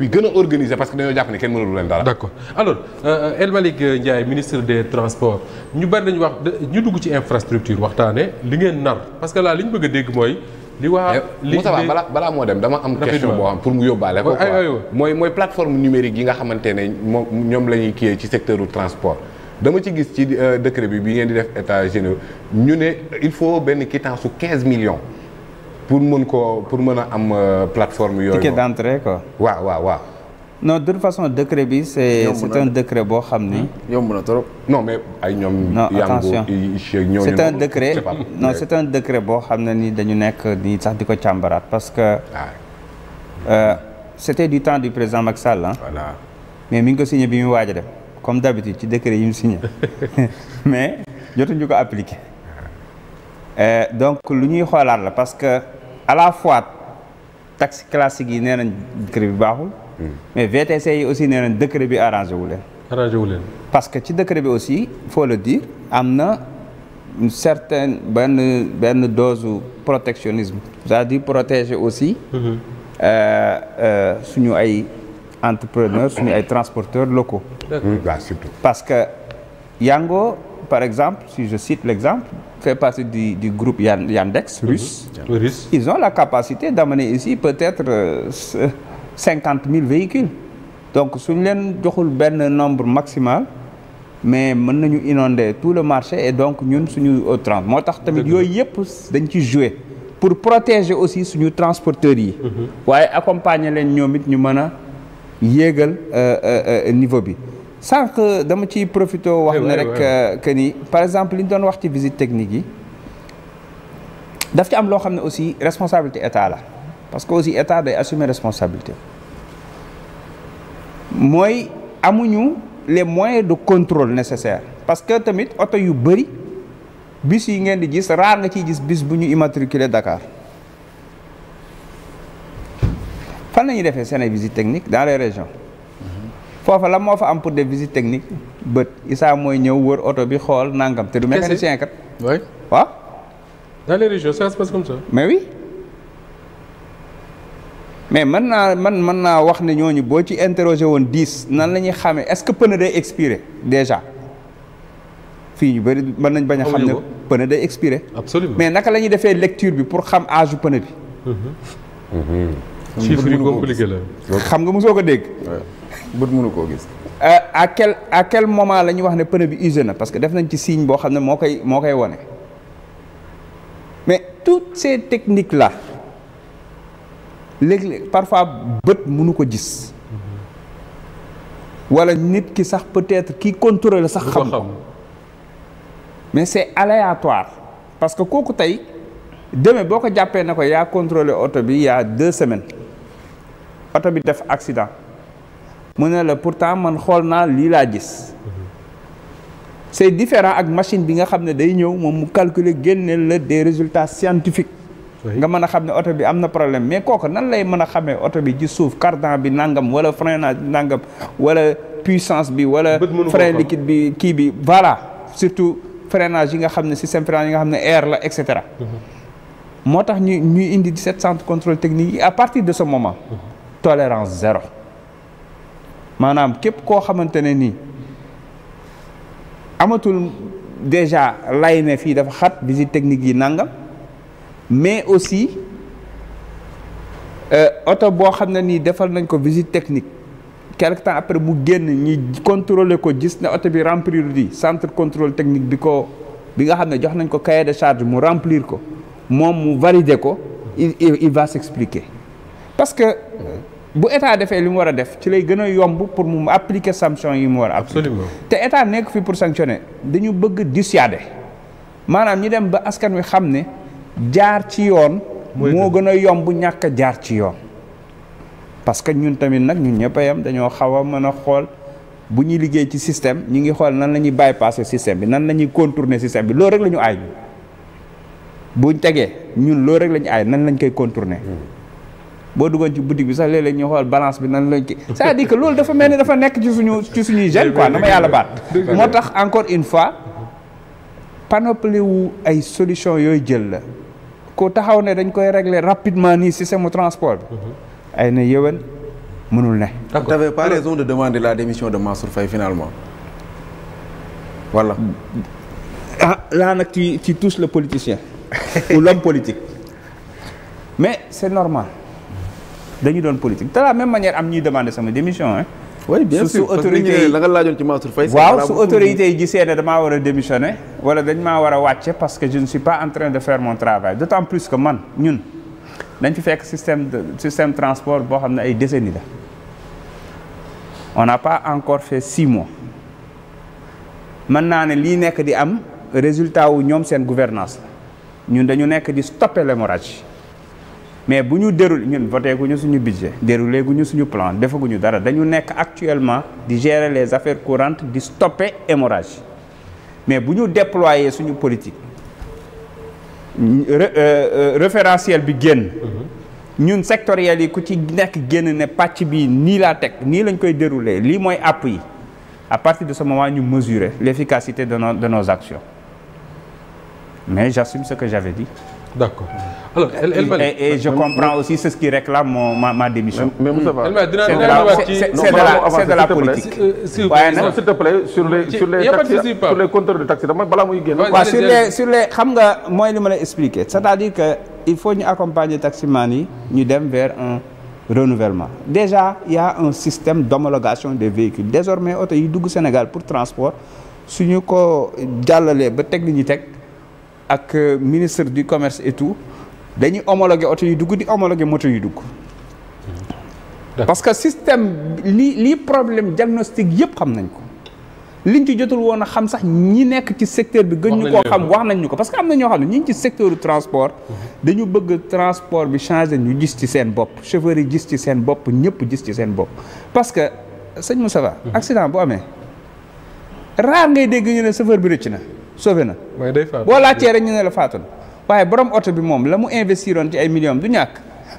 bi gën a organisé parce que dañoo jàpp ne kenn mënul leen dara. d' accord alors euh, El Malick ministre des transport ñu bari dañu wax ñu dugg ci infrastructure waxtaane li ngeen nar parce que là li ñu bëgg dégg mooy. li waa eh, li Moussa balaa balaa moo dem dama am question boo xam pour mu yóbbaale ko quoi mooy mooy plateforme numérique yi nga xamante ne moom ñoom la ñuy kiyee ci secteur du transport. dama ci gis ci euh, décret bi bi ngeen di def état généraux ñu ne il faut benn quittance su 15 millions. pour mën koo pour mën a am euh, plateforme yooyu. ticket d'entrée quoi. waaw waaw waaw. de toute façon décret bi c'est c'est un boo xam ni. Hmm? yomb na trop. non mais ay ñoom. non attention yango c'est un décret non c'est un décret boo xam ne ni dañu nekk ni sax di ko càmbaraat parce que. Euh, c'était du temps du président Macky Sall ah. mais mi ngi ko signé bi mu waaj dem comme d'habitude ci décret yi mu signé mais jotuñu ko appliquer. Euh, donc lu ñuy xoolaat la parce que. à la fois taxi classique yi nee nañ décret bi baaxul. mais VTC yi aussi nee nañ décret bi arrangé wu leen. arrangé parce que ci décret bi aussi faut le dire am na une certaine benn benn dose protectionnisme. cest à di protéger aussi. Mhm. Euh, euh, suñu ay entrepreneurs suñu ay transporteurs locaux. d'accord. parce que. Yango, par exemple, si je cite l'exemple, fait partie du, du groupe mhm. Yandex russe. Mmh. Ils ont la capacité d'amener ici peut-être euh, 50 000 véhicules. Donc, si leen joxul benn nombre maximal, mais mën nañu inonder tout le marché et donc ñun suñu trans moo tax tamit yooyu yëpp dañ ci jouer pour protéger aussi suñu transporteurs yi mhm. waaye accompagner leen ñoom it ñu mën a yéegal euh, euh, euh, niveau bi sànq dama ci profité wax ne rek euh, que ni par exemple li ñu doon wax ci visite technique yi daf ci am loo xam ne aussi responsabilité état la parce que aussi état day assumer responsabilité mooy amuñu les moyens de contrôle nécessaires parce que tamit oto yu bëri bis yi ngeen di gis raar nga ciy gis bis bu ñu immatriculé Dakar fan la ñuy defee seen visite technique dans les régions foofa la moo fa am pour des visites techniques bët Issa mooy ñëw wër oto bi xool nangam te du mécanicien kat. oui waaw. dans se passe comme ça. mais oui mais mën naa man mën naa wax ne ñooñu boo ci interroger woon dix nan la ñuy xamee est-ce que pneu day expiré déjà fii ñu bëri mën nañ bañ a xam ne pneu day expiré. absolument mais naka la ñuy defee lecture bi pour xam âge pneu bi. Mhm. Mhm. chiffre xam nga mosoo ko dégg. bët mënu koo gis. Euh, à quel à quel moment la ñu wax ne pneu bi usé na parce que def nañ ci signe boo xam ne moo koy moo koy wane mais toutes ces technique la léeg-léeg parfois bët mënu ko gis wala nit ki sax peut-être ki contrôler sax. xam ko mais c'est aléatoire parce que kooku tey demee boo ko jàppee na ko yaa contrôler oto bi y a deux semaines oto bi def accident. mu ne la pourtant man xool naa lii laa gis c'est différent ak machine bi nga xam ne day ñëw moom mu calculer génneel la des résultats scientifiques nga mën a xam ne oto bi am na problème mais kooku nan lay mën a xamee oto bi ci suuf cardan bi nangam wala freinage bi nangam wala puissance bi wala frein liquide bi kii bi voilà surtout freinage yi nga xam ne système freinage yi nga xam ne air la et cetera mhm. moo tax ñu ñuy indi 17 centres contrôle technique à partir de ce moment mhm. tolérance zéro maanaam képp koo xamante ne nii amatul déjà lay ne fii dafa xat visite technique yi nangam mais aussi euh, oto boo xam ne nii defal nañ ko visite technique quelque temps après mu génn ñi contrôler ko gis ne auto bi remplir di centre contrôle technique bi ko bi nga xam ne jox nañ ko cahier de charge mu remplir ko moom mu valider ko il il va s'expliquer parce bu état defee li mu war a def ci lay gën a yomb pour mu appliquer sanction yi mu war a absolument te état nekk fi pour sanctionner dañu bëgg dissuader maanaam ñu dem ba askan wi xam ne jaar ci yoon moo gën a yomb ñàkk a jaar ci yoon parce que ñun tamit nag ñun ñëpp yem dañoo xaw a mën a xool bu ñuy liggéey ci système ñu ngi xool nan la ñuy bypasser système bi nan la ñuy contourner système bi loolu rek la ñu aay buñ tegee ñun loolu rek la ñu aay nan lañ koy contourner hmm. boo duggoon ci boutique bi sax léeg-léeg ñu xool balance bi nan lañ ki c'est-à-dire que loolu dafa mel ni dafa nekk ci suñu ci suñuy gène quoi na yàlla baat moo tax encore une fois panoplie wu ay solution yooyu jël la ku taxaw ne dañ koy régler rapidement nii système transport bi mhm. ay na yëwan mënul ne t'avais pas raison de demander la démission de Mansour Faye finalement voilà ah laa nag ci ci tous le politicien ou l'homme politique mais c'est normal dañu doon politique de la même manière am ñuy demander sama démission hein. oui bien sûr su autorité yi la nga laajoon ci Mansour Faye waaw su autorité yi gisee ne damaa war a démissionner wala dañ maa war a wàcce parce que je ne suis pas en train de faire mon travail d' plus que man ñun dañ fi fekk système de système transport boo xam ne ay décennies la on n'a pas encore fait six mois mën naa ne lii nekk di am résultat wu ñoom seen gouvernance la ñun dañu nekk di stopper l'hémorragie mais bu ñu déroulé ñun voté guñu suñu budget déroulé guñu suñu plan defaguñu dara dañu nekk actuellement di gérer les affaires courantes di stopper hémorragie mais bu ñu déployer suñu politique euh, euh, référentiel bi génn mm-hmm. ñun sectoriel yi ku ci nekk génn ne pàcc bi nii laa teg nii lañ koy dérouler lii mooy app yi à partir de ce moment ñu mesurer l'efficacité de nos de nos actions mais j'assume ce que j'avais dit d'accord alors El El Malick et, et je comprends aussi c'est ce qui réclame ma démission. mais Moussa Ba c'est de la c'est de la politique. Euh, euh, s'il te plaît sur les sur sur les compteurs de taxi dama balaa muy génn. waaw sur les sur xam nga mooy li ma la expliquer c'est-à-dire que il faut ñu accompagner taximan yi ñu dem vers un renouvellement déjà il y a un système d'homologation des véhicules désormais oto yi dugg Sénégal pour transport su ñu ko jàllalee ba teg ni ñu teg. ak euh, ministre du commerce et tout dañuy homologué oto yi dugg di homologué moto yi dugg. parce que système li lii problème diagnostic yëpp xam nañ ko liñ ci jotul woon a xam sax ñi nekk ci secteur bi gën ñu koo xam wax nañ ñu ko parce que am na ñoo xam ne ñi ngi ci secteur transport mhm. dañu bëgg transport bi changé ñu gis ci seen bopp chauffeur yi gis ci seen bopp ñëpp gis ci seen bopp parce que sëñ Moussa mhm. accident bu amee raar ngay dégg ñu ne chauffeur bi rëcc na sauvé na. mooy day faatu boo laajtee rek ñu ne la faatu na waaye borom oto bi moom la mu investiroon ci ay millions du ñàkk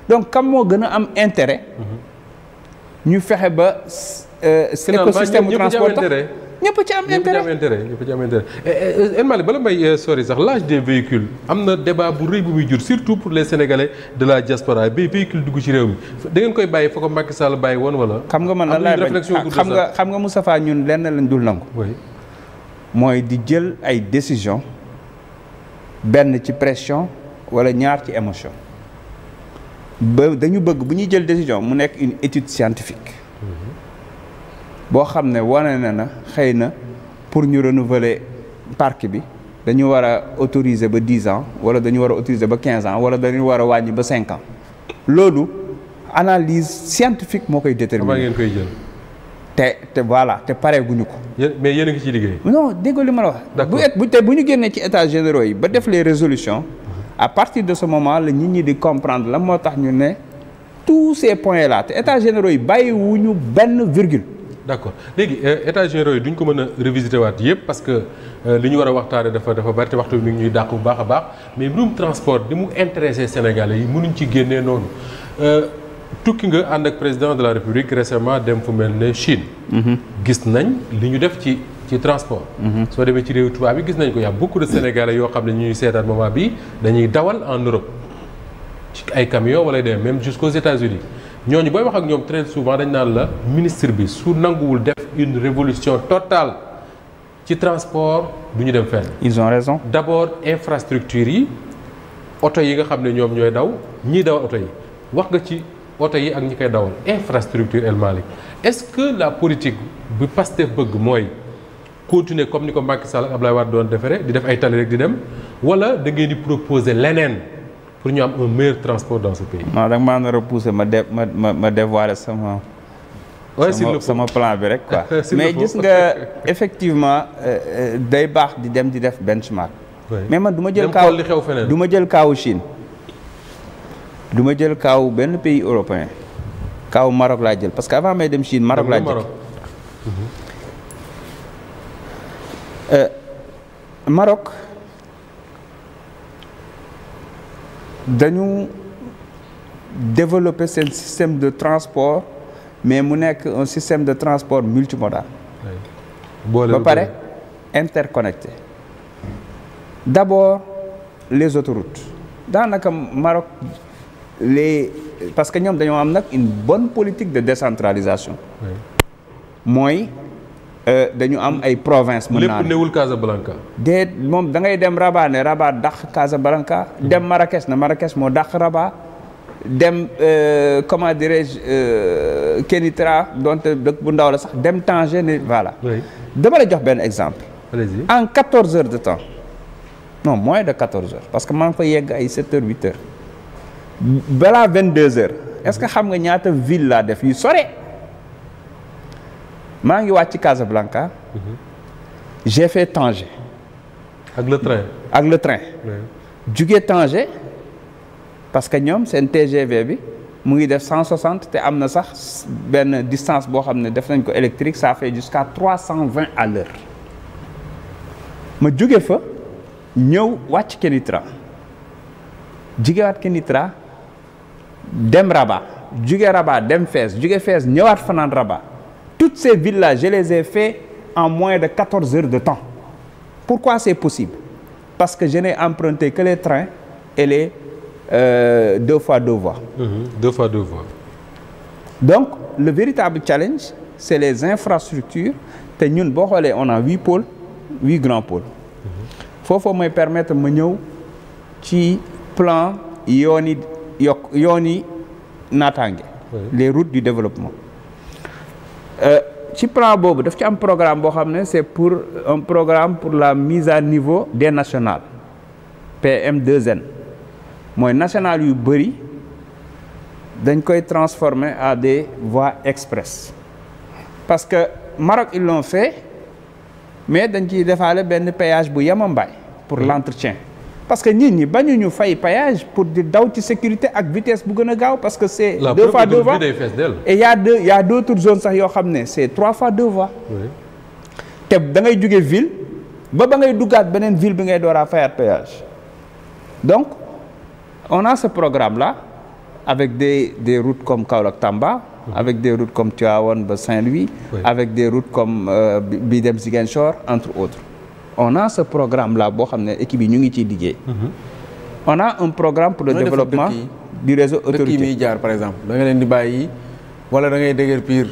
donc kam moo gën a am intérêt. Mm-hmm. ñu fexe ba. Euh, écosystème bu transport tax ñëpp ci am intérêt ñëpp ci am intérêt eh, eh, euh, El Malick bala may euh, sori sax l'âge des véhicules am na débat bu rëy bu muy jur surtout pour les sénégalais de la diaspora bi véhicule dugg ci réew mi da ngeen koy bàyyi fa ko Macky Sall bàyyi woon wala. xam nga man lan laay bañ ah, xam nga xam nga Moustapha ñun lenn lañ dul nangu. mooy di jël ay décision benn ci pression wala ñaar ci émotion ba dañu bëgg bu ñuy jël décision mu nekk une étude scientifique boo xam ne wane na na xëy na pour ñu renouveler parc bi dañu war a autoriser ba dix ans wala dañu war a autoriser ba quinze ans wala dañu war a wàññi ba cinq ans loolu analyse scientifique moo koy déterminer ngeen koy te te voilà te pare guñu ko. mais yéen a ngi ciy liggéey. non déggoo li ma la wax. bu te bu ñu génnee ci états généraux yi ba def les résolution à partir de ce moment la nit ñi di comprendre la moo tax ñu ne tous ces points là te état généro yi wu ñu benn virgule. d' accord léegi euh, états généraux yi duñ ko mën a revisiter waat yëpp parce que euh, li ñu war a waxtaane dafa dafa bari te waxtu bi mi ngi ñuy dàq bu baax a baax mais mbirum transport bi mu intéressé Sénégalais yi mënuñ ci génnee noonu. Euh, tukki nga ànd ak président de la république récemment dem fu mel ne Chine. Mhm. gis nañ li ñu def ci ci transport. Mhm. soo demee ci réew tubaab yi gis nañ ko y' a beaucoup de sénégalais yoo xam ne ñuy seetaan moment bi dañuy dawal en Europe ci ay camions wala dem même jusqu'aux États-Unis ñooñu booy wax ak ñoom très souvent dañ naan la ministre bi su nanguwul def une révolution totale ci transport du ñu dem fenn. ils ont raison d' abord infrastructure yi oto yi nga xam ne ñoom ñooy daw ñiy daw oto oto yi ak ñi koy dawal infrastructure El Malick est-ce que la politique bu Pastef bëgg mooy continuer comme ni ko Macky Sall ak Abdoulaye Wade doon defaree di def ay tali rek di dem wala da di proposer leneen pour ñu am un meilleur transport dans ce pays. non da nga maa nar ma de ma ma ma dévoiler sama. sama plan bi rek quoi. mais gis nga effectivement euh, euh, day baax di dem di def benchmark. mais man du ma jël kaaw du ma jël kaawu Chine. du ma jël kaaw benn pays européen kaw Maroc laa jël parce que avant may dem Chine Maroc laa jël euh, Maroc dañu développer seen système de transport mais mu nekk un système de transport multimodal ba pare interconnecté d'abord les autoroutes daanaka Maroc les parce que ñoom dañoo am nag une bonne politique de décentralisation. mooy euh, dañu am ay province mën naa lépp newul Casablanca. déet moom dangay ngay dem Rabat ne Rabat dàq Casablanca. Hmm. dem Marrakech na Marrakech moo dàq Rabat. dem euh, comment dirais-je euh, Kénitra donte dëkk bu ndaw la sax dem Tanger ne voilà. dama la jox benn exemple. en 14 heures de temps non moins de 14 heures parce que maa ngi koy yegg ay 7 heures 8 heures. balaa vingt deux heures est-ce que xam nga ñaata ville laa def yu sore maa ngi wàcc Casablanca mhm. j'ai fait Tanger ak le train ak le train juge Tanger parce que ñoom seen TGV bi mu ngi def cent soixante te am na sax benn distance boo xam ne def nañ ko électrique ça fait jusqu'à trois cent vingt à l'heure ma juge fa ñëw wàcc Kenitra jugewaat Kenitra dem Rabat jóge Rabat dem Fès jóge Fès ñëwaat fanaan Rabat toutes ces villes la je les ai fait en moins de quatorze heures de temps pourquoi c'est possible parce que je n'ai emprunté que les trains et les euh, deux fois deux voies mmh, deux fois deux voies donc le véritable challenge c'est les infrastructures te ñun boo xoolee on a huit pôles huit grands pôles mhm. foofu mooy permettre ma ñëw ci plan yoon yokk yooni naataange les routes du développement euh, ci plan boobu daf ci am programme boo xam ne c'est pour un programme pour la mise à niveau des nationales PM2N mooy national yu bëri dañ koy transformer à des voies express parce que Maroc ils l'ont fait mais dañ ciy defaale benn péage bu yema yemambaay pour l'entretien parce que nit ñi bañu ñu fay péage pour di daw ci sécurité ak vitesse bu gën a gaaw parce que c' est deux fois deux voies et y a deux y a d' autres sax yoo xam ne c' est trois fois deux voies te da ngay jóge ville ba ba ngay duggaat beneen ville bi ngay dooraa fayaat péage donc on a ce programme la avec des des routes comme Kaolack Tamba mhm. avec des routes comme Tivaouane ba Saint-Louis avec des routes comme euh, bi dem Ziguinchor entre autres on a ce programme là boo xam ne équipe yi ñu ngi ci liggéey. Mhm. on a un programme pour le développement du réseau autorité dëkk yi muy jaar par exemple da nga leen di bàyyi wala da ngay dëgër pire.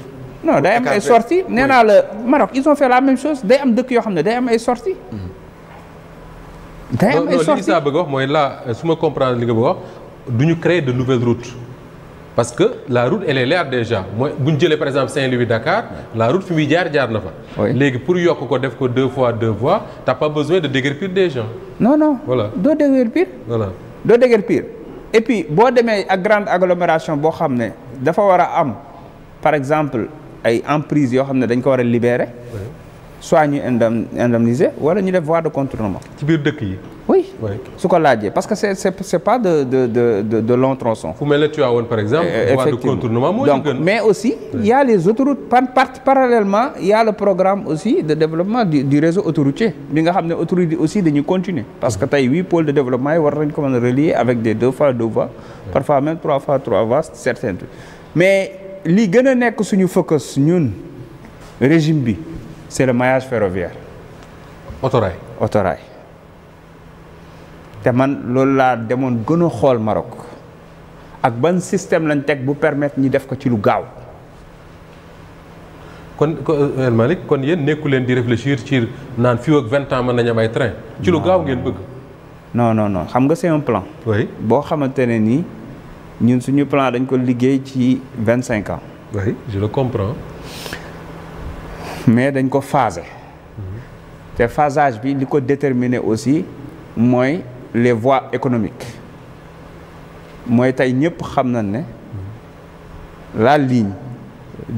day am ay sorties nee naa la Maroc ils ont fait la même chose day am dëkk yoo xam ne day am ay sorties. Mhm. day am ay sorties mooy là su ma li nga bëgg wax du ñu créer de nouvelles routes. parce que la route elle est là déjà mooy bu ñu jëlee par exemple Saint-Louis Dakar la route fi muy jaar jaar na fa. léegi pour yokk ko def ko deux fois deux fois t'as pas besoin de déguerpir des gens. non non voilà doo déguerpir. voilà doo déguerpir et puis boo demee ak grande agglomération boo xam ne dafa war a am par exemple ay emprises yoo xam ne dañ ko war a libérer. soit ñu indemniser wala ñu def voie de contournement. ci biir dëkk yi. oui su ko laajee parce que c'est c'est c'est pas de long tronçon. fu mel ne par exemple. Eh, effectivement contournement moo donc mais aussi. il y a les autoroutes par par parallèlement il y a le programme aussi de développement du réseau autoroutier bi nga xam ne autoroute aussi dañuy continuer. parce que tey huit pôles de développement yi war nañ ko mën a relier avec des deux fois deux voies. parfois même trois fois trois voies certains trucs mais li gën a nekk suñu focus ñun régime bi c'est le maillage ferroviaire. autorail te man loolu laa demoon gën xool Maroc ak ban système lañ teg bu permettre ñi def ko ci lu gaaw. kon euh, El Malick kon yéen nekku leen di réfléchir ci naan fii ak vingt ans mën nañu am ay train. ci lu gaaw ngeen bëgg. noo non xam nga c'est un plan. boo xamante ne nii ñun suñu plan dañ ko liggéey ci vingt cinq ans. oui je mais dañ ko phasé. Mhm. te phasage bi li ko déterminé aussi mooy les voies économique mooy tey ñëpp xam na ne la ligne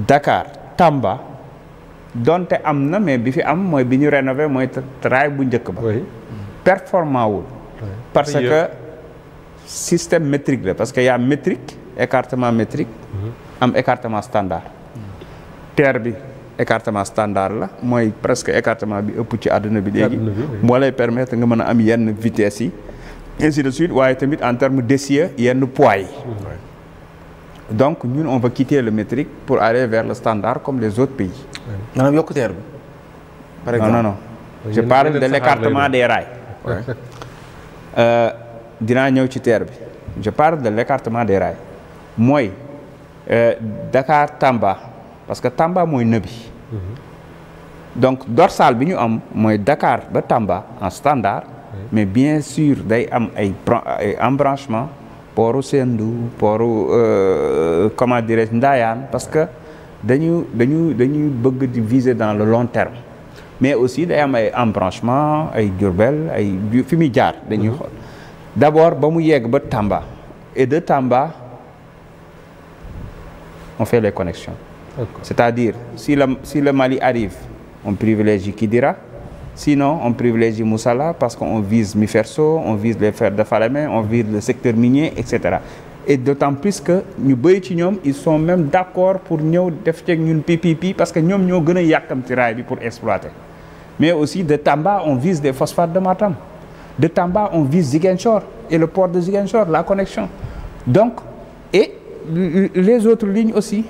Dakar Tamba doonte am na mais bi fi am mooy bi ñu rénover mooy raay bu njëkk ba performant wul parce que système métrique la parce que y a métrique écartement métrique mhm. am écartement standard terre bi écartement standard la mooy presque écartement bi ëpp ci àdduna bi léegi moo lay permettre nga mën a am yenn vitesse yi ainsi de suite waaye tamit en terme d'essieu yenn pois yi donc ñun on va quitter le métrique pour aller vers le standard comme les autres pays maanaam yokkuteer bi par exemple non non non je parle de l'écartement des rails euh, dinaa ñëw ci teer bi je parle de l'écartement des rails mooy euh, Dakar Tamba parce que Tamba mooy nëbi mhm. donc dorsal bi ñu am mooy Dakar ba Tamba en standard mais bien sûr day am ay ay embranchement pooru Sendou pooru euh, comment dirais ndaayaan parce que dañu dañu dañuy bëgg di viser dans le long terme mais aussi day am ay embranchement ay Diourbel ay fi muy jaar dañuy mhm. xool d'abord ba mu yegg ba Tamba et de Tamba on fait les connexions C'est-à-dire, si le, si le Mali arrive, on privilégie Kidira. Sinon, on privilégie Moussala parce qu'on vise Miferso, on vise les fers de Falamé, on vise le secteur minier, etc. Et d'autant plus que ñu bëri ci ñoom ils sont même d'accord pour ñëw def ceeg ñun PPP parce que ñoom ñoo gën a yàkkamti bi pour exploiter. Mais aussi de Tamba, on vise des phosphates de Matam. De Tamba, on vise Ziguinchor et le port de Ziguinchor, la connexion. Donc, et les autres lignes aussi.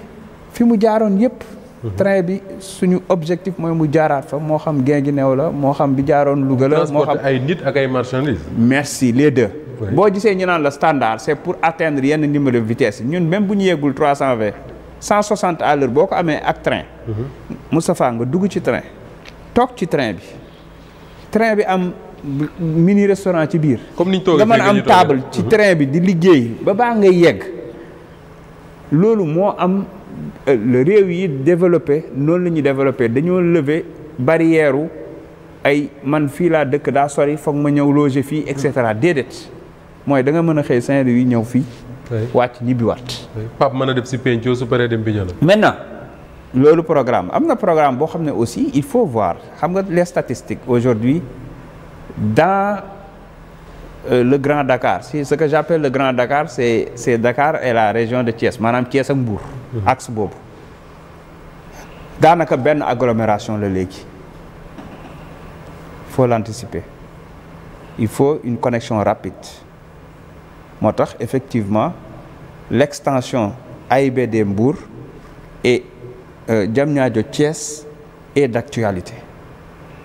fi mu jaaroon yëpp. Mhm. train bi suñu objectif mooy mu jaaraat fa moo xam gi new la moo xam bi jaaroon Louga la. moo xam ay nit ak ay marchandises. merci les de boo gisee ñu naan la standard c' pour attendre yenn numéro de vitesse yi ñun même bu ñu yeggul 320 160 à l'heure boo ko amee ak train. Mhm. Moustapha nga dugg ci train. toog ci train bi. train bi am mini restaurant ci biir. comme ni ñu toogee nga man am table ci mhm. train bi di liggéey ba baa ngay yegg. loolu moo am euh, réew yi développé noonu la ñuy développé dañoo lever barrière ay man fii laa dëkk daa sori foog ma ñëw loger fii et cetera déedéet mooy da nga mën a xëy Saint-Louis ñëw fii. wàcc ñibbiwaat. Pape mën a def si penco su paree dem bi ñu maintenant loolu programme am na programme boo xam ne aussi il faut voir xam nga les statistiques aujourd'hui dans euh, le Grand Dakar si ce que j'appelle le Grand Dakar c'est c'est Dakar et la région de Thiès maanaam Thiès ak Mbour mhm. axe boobu daanaka benn agglomération la léegi faut l'anticiper il faut une connexion rapide moo tax effectivement l'extension AIBD Mbour et euh, Diamniadio Thiès est d'actualité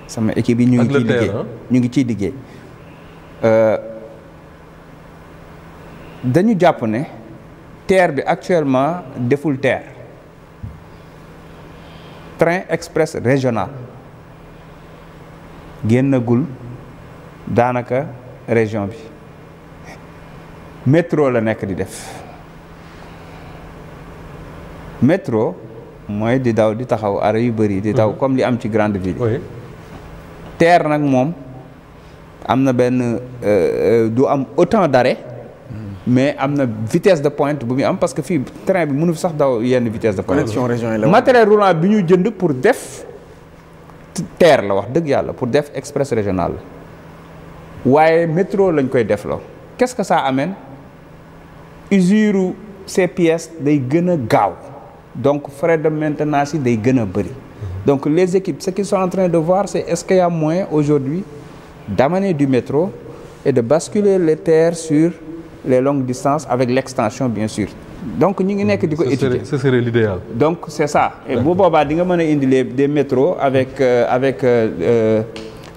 sama équipe yi ñu ngi ciy liggéey ñu ngi ciy liggéey Euh, dañu jàpp ne terre bi actuellement deful TER train express régional génnagul daanaka région bi metro la nekk di def métro mooy di daw di taxaw arrêt yu bëri di daw mm-hmm. comme li am ci grande ville TER nag moom am na benn euh, euh, du am autant d'arrêt hmm. mais am na vitesse de pointe bu muy am parce que fii train bi mënu sax daw yenn vitesse de pointe. connexion région la matériel roulant bi ñu jënd pour def terre la wax dëgg yàlla pour def express régional waaye métro lañ koy def la qu'est-ce que ça amène usure ces day gën a gaaw donc frais de maintenance yi day gën a bëri hmm. donc les équipes ce qu'ils sont en train de voir c'est est-ce qu'il y a moyen aujourd'hui d'amener du métro e de basculer les terres sur les longues distances avec l'extension bien sûr donc ñu ngi nekk di ko étudier ce serait donc c'est ça bu boobaa di nga mën a indi des métros avec euh, avec euh, euh,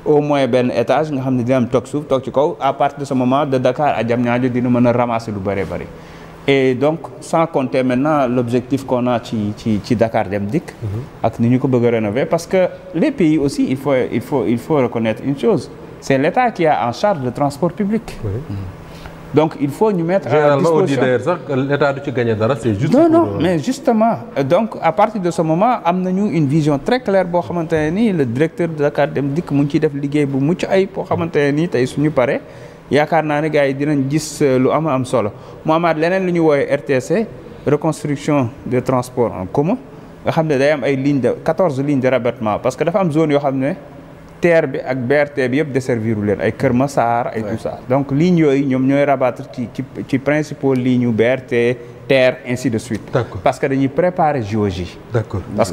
au moins benn étage nga xam ne dina am toog suuf ci kaw à partir de ce moment de Dakar à Diamniadio dina mën a ramasser lu bëree bëri et donc sans compter maintenant l'objectif qu'on a ci ci ci Dakar Dem Dikk mhm. ak ni ñu ko bëgg a rénover parce que les pays aussi il faut il faut il faut reconnaître une chose c'est l'État qui a en charge le transport public. Oui. Mm-hmm. donc il faut ñu mettre. à disposition généralement on dit d'ailleurs sax mais justement donc à partir de ce moment am nañu une vision très claire boo xamante ne nii le directeur de Dakar Dem Dikk mu ngi ciy def liggéey bu mucc ay boo xamante ne nii tey suñu paree yaakaar naa ne gaa yi dinañ gis euh, lu am am solo mu amaat leneen lu ñu woowee RTC reconstruction de transports en commun nga xam ne day am ay lignes de quatorze lignes de rabattement parce que dafa am yoo xam ne. TER bi ak BRT bi yëpp desserviru leen ay Kër Massar ay tout ça donc lignes yooyu ñoom ñooy rabattre ci ci ci principaux lignes BRT TER ainsi de suite. parce que dañuy préparer JOJ. d'accord parce